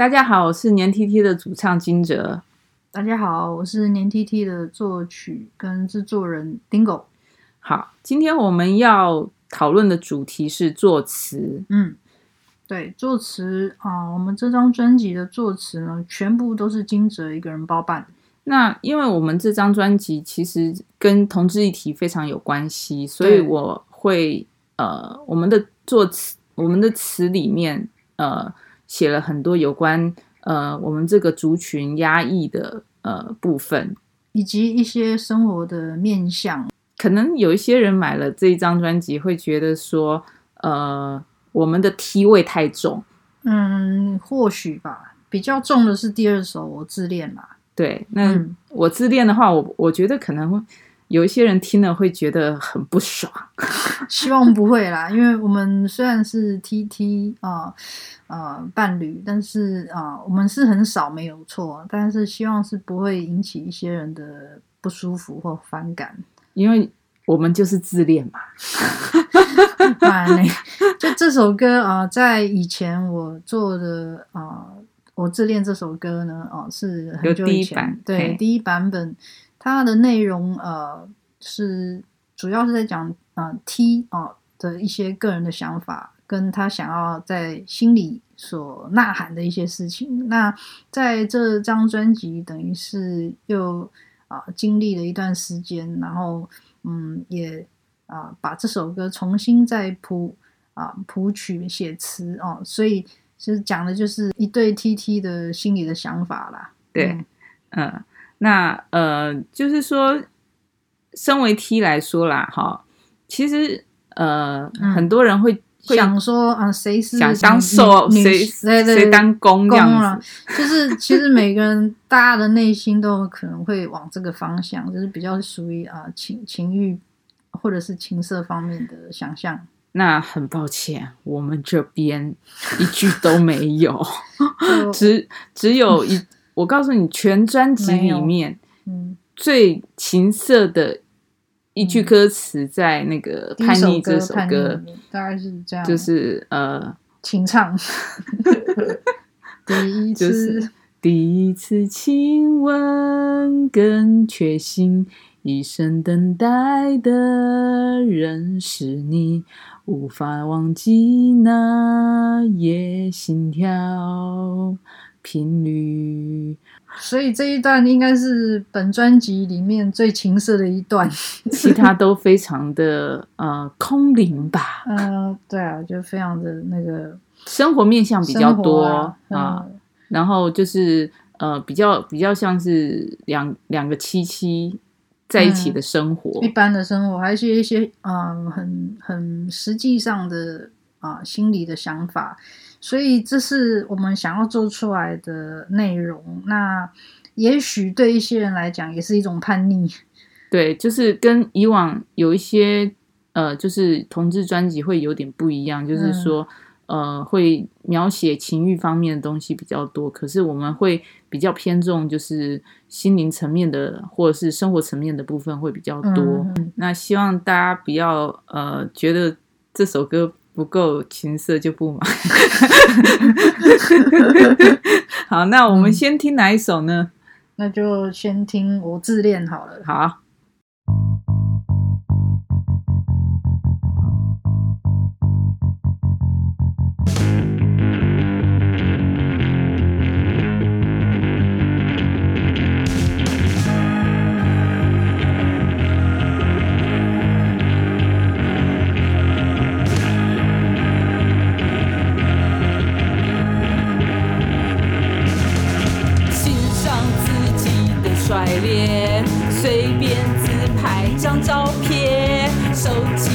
大家好，我是黏 tt 的主唱驚蟄。大家好，我是黏 tt 的作曲跟製作人 Dingo。好，今天我們要討論的主題是作詞。嗯，對，作詞啊，呃，我們這張專輯的作詞呢，全部都是驚蟄一個人包辦。那因為我們這張專輯其實跟同志議題非常有關係，所以我會對呃，我們的作詞，我們的詞裡面呃。寫了很多有關呃我們這個族群壓抑的呃部分，以及一些生活的面向。可能有一些人買了這一張專輯，會覺得說，呃，我們的 T 味太重。嗯，或許吧。比較重的是第二首《我自戀》吧。對，那我自戀的話，嗯、我我覺得可能會有一些人聽了會覺得很不爽， 希望不會啦，因為我們雖然是 TT 啊啊伴侶，但是啊、呃、我們是很少沒有錯，但是希望是不會引起一些人的不舒服或反感，因為我們就是自戀嘛。 嗯、就這首歌啊、呃，在以前我做的啊、呃，我自戀這首歌呢，哦、呃、是很久以前有第一版，對嘿第一版本。他的內容，呃，是主要是在講啊、呃、T 啊、哦、的一些個人的想法，跟他想要在心裡所吶喊的一些事情。那在這張專輯，等於是又啊經歷了一段時間，然後嗯，也啊、呃、把這首歌重新再譜啊譜曲寫詞哦，所以是講的就是一對 T T 的心理的想法啦。對，嗯。嗯那呃，就是說，身為 T 來說啦，哈，其實呃，嗯、很多人會想說，會想說啊，誰是想當受誰，誰誰當公、啊，公，這樣子，就是其實每個人 大家的內心都可能會往這個方向，就是比較屬於啊情情欲或者是情色方面的想象。那很抱歉，我們這邊一句都沒有， 只只有一。 我告訴你，全專輯裡面，最情色的一句歌詞在那個《叛逆》這首歌，首歌，大概是這樣，就是呃，清唱， 第一次，第一次親吻更確信，一生等待的人是你，無法忘記那夜心跳。頻率，所以這一段應該是本專輯裡面最情色的一段，其他都非常的 呃空靈吧。嗯，對啊，就非常的那個生活面向比較多啊，啊嗯、然後就是呃比較比較像是兩兩個妻妻在一起的生活，嗯、一般的生活，還是一些嗯很很實際上的。啊，心裡的想法，所以這是我們想要做出來的內容。那也許對一些人來講，也是一種叛逆。對，就是跟以往有一些呃，就是同志專輯會有點不一樣，就是說、嗯、呃，會描寫情慾方面的東西比較多。可是我們會比較偏重，就是心靈層面的或者是生活層面的部分會比較多。嗯、那希望大家不要呃，覺得這首歌。不夠情色就不買。 好，那我們先聽哪一首呢？那就先聽我自戀好了。好。自拍張照片，手機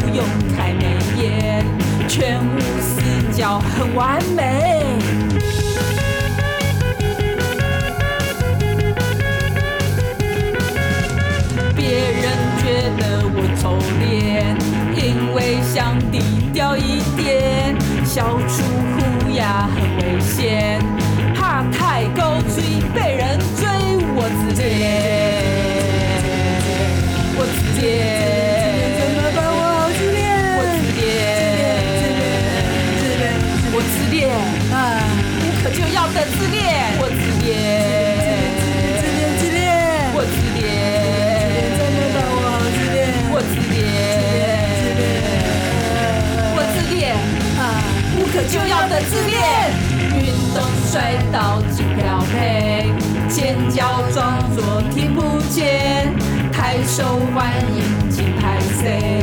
不用開美顏，全無死角很完美。別人覺得我醜臉，因為想低調一點，笑出虎牙很危險，怕太高所以被人追我自己。自戀，我自戀，自戀，自戀，我自戀，自戀，這麼搞我好自戀，我自戀，自戀，我自戀，啊，無可救藥的自戀。運動摔倒緊要配，尖叫裝作聽不見，拍手歡迎金牌賽，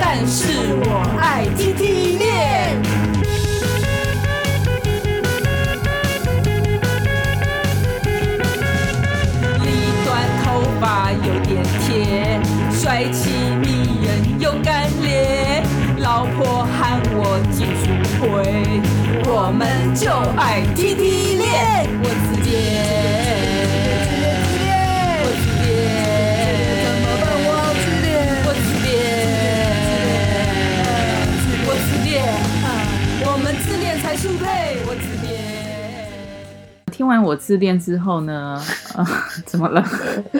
但是我愛 GT 練。帥氣迷人又幹練，老婆喊我進出會，我們就愛踢踢。我自戀，我自戀，自戀，自戀。我自戀，怎麼辦？我自戀，我自戀，我自戀，我自戀。我們自戀才速配。我自戀。聽完我自戀之後呢？啊、哦，怎麼了？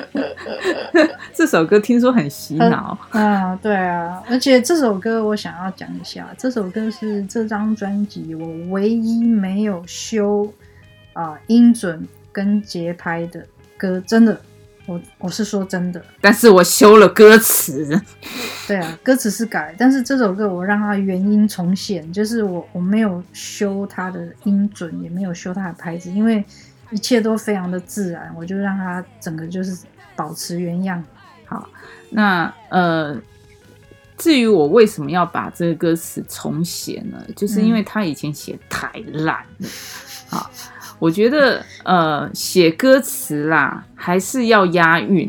這首歌聽說很洗腦。啊、嗯嗯，對啊，而且這首歌我想要講一下，這首歌是這張專輯我唯一沒有修啊、呃、音準跟節拍的歌，真的，我我是說真的。但是我修了歌詞。對啊，歌詞是改，但是這首歌我讓它原音重現，就是我我沒有修它的音準，也沒有修它的拍子，因為。一切都非常的自然，我就讓它整個就是保持原樣。好，那呃，至於我為什麼要把這個歌詞重寫呢？就是因為他以前寫太爛了。嗯、好，我覺得呃，寫歌詞啦還是要押韻，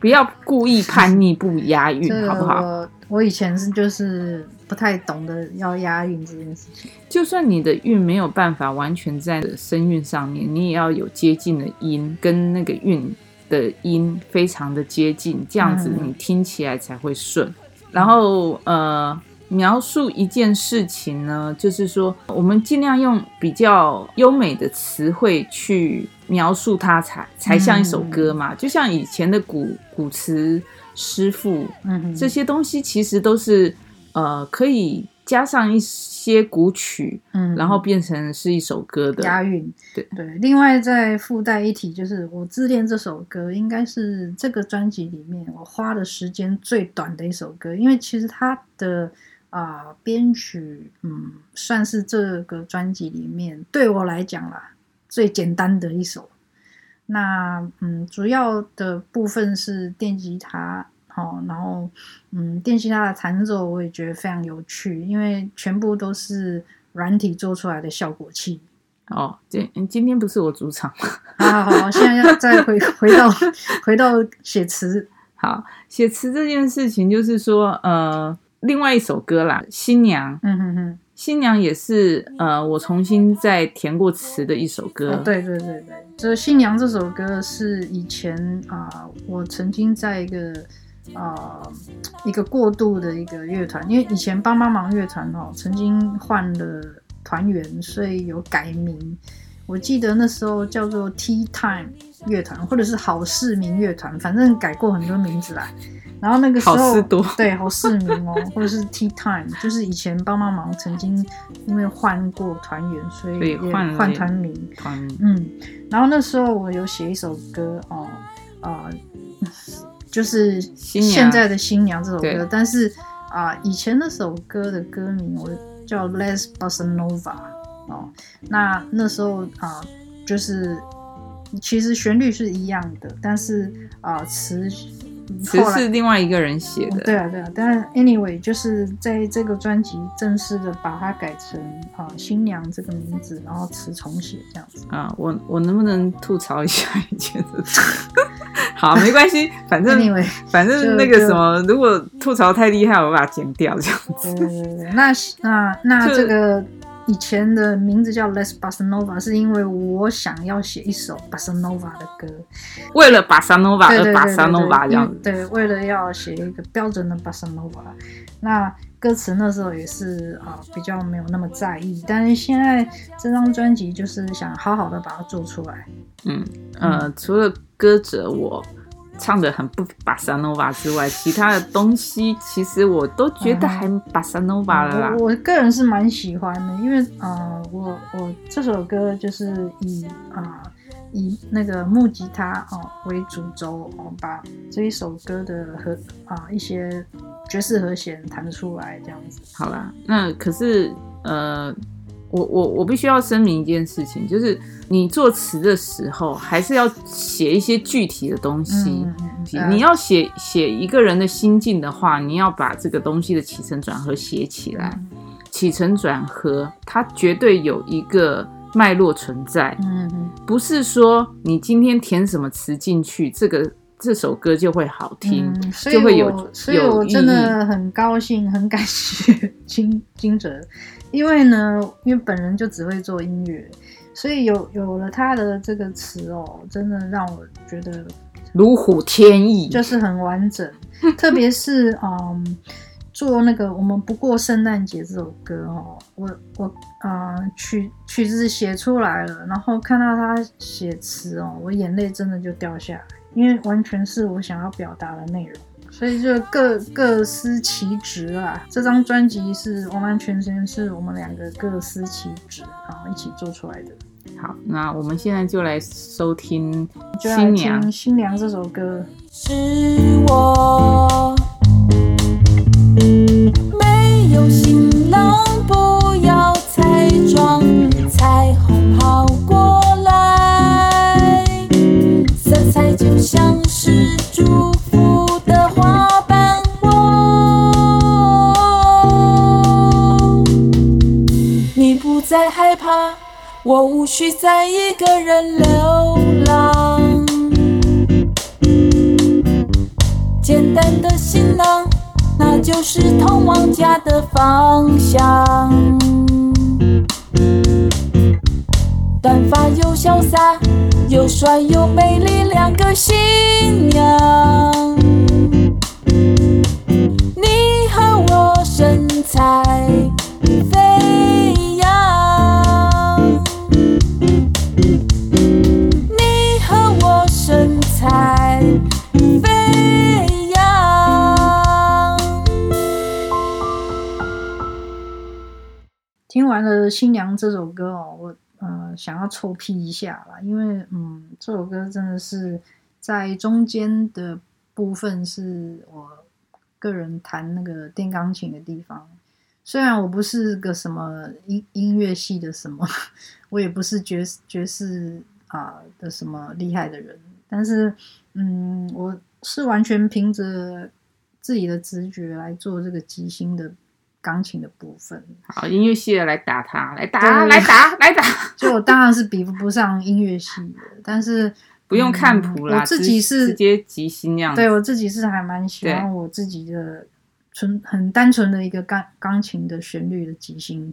不要故意叛逆不押韻，這個、好不好？我，我以前是就是。不太懂得要押韻這件事情。就算你的韻沒有辦法完全在聲韻上面，你也要有接近的音，跟那個韻的音非常的接近，這樣子你聽起來才會順。嗯嗯，然後呃，描述一件事情呢，就是說我們盡量用比較優美的詞彙去描述它才、才才像一首歌嘛。嗯嗯，就像以前的古古詞、詩賦，嗯嗯，這些東西其實都是。呃，可以加上一些古曲，嗯，然後變成是一首歌的押韻。家運對對，另外再附帶一提，就是我自戀這首歌，應該是這個專輯裡面我花的時間最短的一首歌，因為其實它的啊、呃、編曲，嗯，算是這個專輯裡面對我來講啦最簡單的一首。那嗯，主要的部分是電吉他。哦，然後，嗯，電吉他彈奏我也覺得非常有趣，因為全部都是軟體做出來的效果器。哦，今今天不是我主場，啊，好好，現在要再回 回到回到寫詞。好，寫詞這件事情，就是說，呃，另外一首歌啦，《新娘》，嗯哼哼，《新娘》也是呃，我重新再填過詞的一首歌，哦。對對對對，這《新娘》這首歌是以前啊，呃，我曾經在一個。呃，一個過渡的一個樂團，因為以前幫幫忙，忙樂團哦，曾經換了團員，所以有改名。我記得那時候叫做 Tea Time 樂團，或者是好市民樂團，反正改過很多名字來。 然後那個時候，好思對，好市民哦， 或者是 Tea Time，就是以前幫幫忙，忙曾經因為換過團員，所以換換團名。團嗯，然後那時候我有寫一首歌哦，呃。呃就是現在的新娘這首歌，但是啊、呃，以前那首歌的歌名我叫《Les Bossa Nova》哦。那那時候啊、呃，就是其實旋律是一樣的，但是啊，詞、呃、是另外一個人寫的。哦、對啊，對啊。但 anyway 就是在這個專輯正式的把它改成啊、呃“新娘”這個名字，然後詞重寫這樣子。啊，我我能不能吐槽一下以前的？ 好，沒關係，反正 anyway, 反正那個什麼，如果吐槽太厲害，我把它剪掉這樣子。對對對對，那是那，就那這個以前的名字叫《Les Bassanova》，是因為我想要寫一首《Bassanova》的歌，為了對對對對對對《Bassanova》而《Bassanova》這樣子。對，為了要寫一個標準的《Bassanova》，那。歌詞那時候也是啊、呃，比較沒有那麼在意，但是現在這張專輯就是想好好的把它做出來。嗯呃嗯，除了歌者我唱得很不巴薩諾瓦之外，其他的東西其實我都覺得還巴薩諾瓦了啦、呃呃我。我個人是蠻喜歡的，因為啊、呃，我我這首歌就是以啊、呃、以那個木吉他哦、呃、為主軸、呃，把這一首歌的和啊、呃、一些。爵士和弦彈出來這樣子。好啦，那可是呃，我我我必須要聲明一件事情，就是你作詞的時候還是要寫一些具體的東西。嗯、你要寫寫一個人的心境的話，你要把這個東西的起承轉合寫起來。對起承轉合它絕對有一個脈絡存在。嗯、不是說你今天填什麼詞進去，這個，這首歌就會好聽，嗯、所以我就會有意義，所以我真的很高興，很感謝驚驚蟄，因為呢，因為本人就只會做音樂，所以有有了他的這個詞哦，真的讓我覺得如虎添翼，呃，就是很完整。特別是 嗯做那個我們不過聖誕節這首歌哦，我我啊、呃、曲曲子寫出來了，然後看到他寫詞哦，我眼淚真的就掉下來，因為完全是我想要表達的內容，所以就各各司其職啦、啊。這張專輯是完完全全是我們兩個各司其職，然後一起做出來的。好，那我們現在就來收聽《新娘新娘》新娘這首歌。是我沒有新娘。我無需再一個人流浪，簡單的行囊，那就是通往家的方向。短髮又瀟灑，又帥又美麗，兩個新娘，你和我身材。聽完了《新娘》這首歌哦，我呃想要臭屁一下啦，因為嗯，這首歌真的是在中間的部分是我個人彈那個電鋼琴的地方，雖然我不是個什麼音音樂系的什麼，我也不是爵士爵士啊的什麼厲害的人，但是嗯，我是完全憑着自己的直覺來做這個即興的。鋼琴的部分，好，音樂系的來打它，來打，對來打，來打， 就我當然是比不上音樂系的，但是不用看譜了，嗯、我自己是直接即興那樣。對，我自己是還蠻喜歡我自己的純對很單純的一個鋼鋼琴的旋律的即興。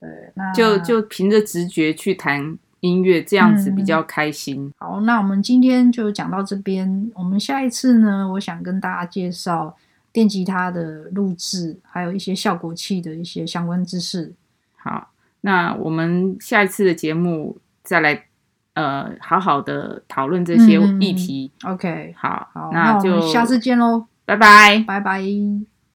對，那就就憑着直覺去彈音樂，這樣子比較開心，嗯。好，那我們今天就講到這邊，我們下一次呢，我想跟大家介紹。電吉他的錄製，還有一些效果器的一些相關知識。好，那我們下一次的節目再來，呃，好好的討論這些議題。嗯、OK，好，好好那就那我們下次見嘍，拜拜拜拜，拜拜。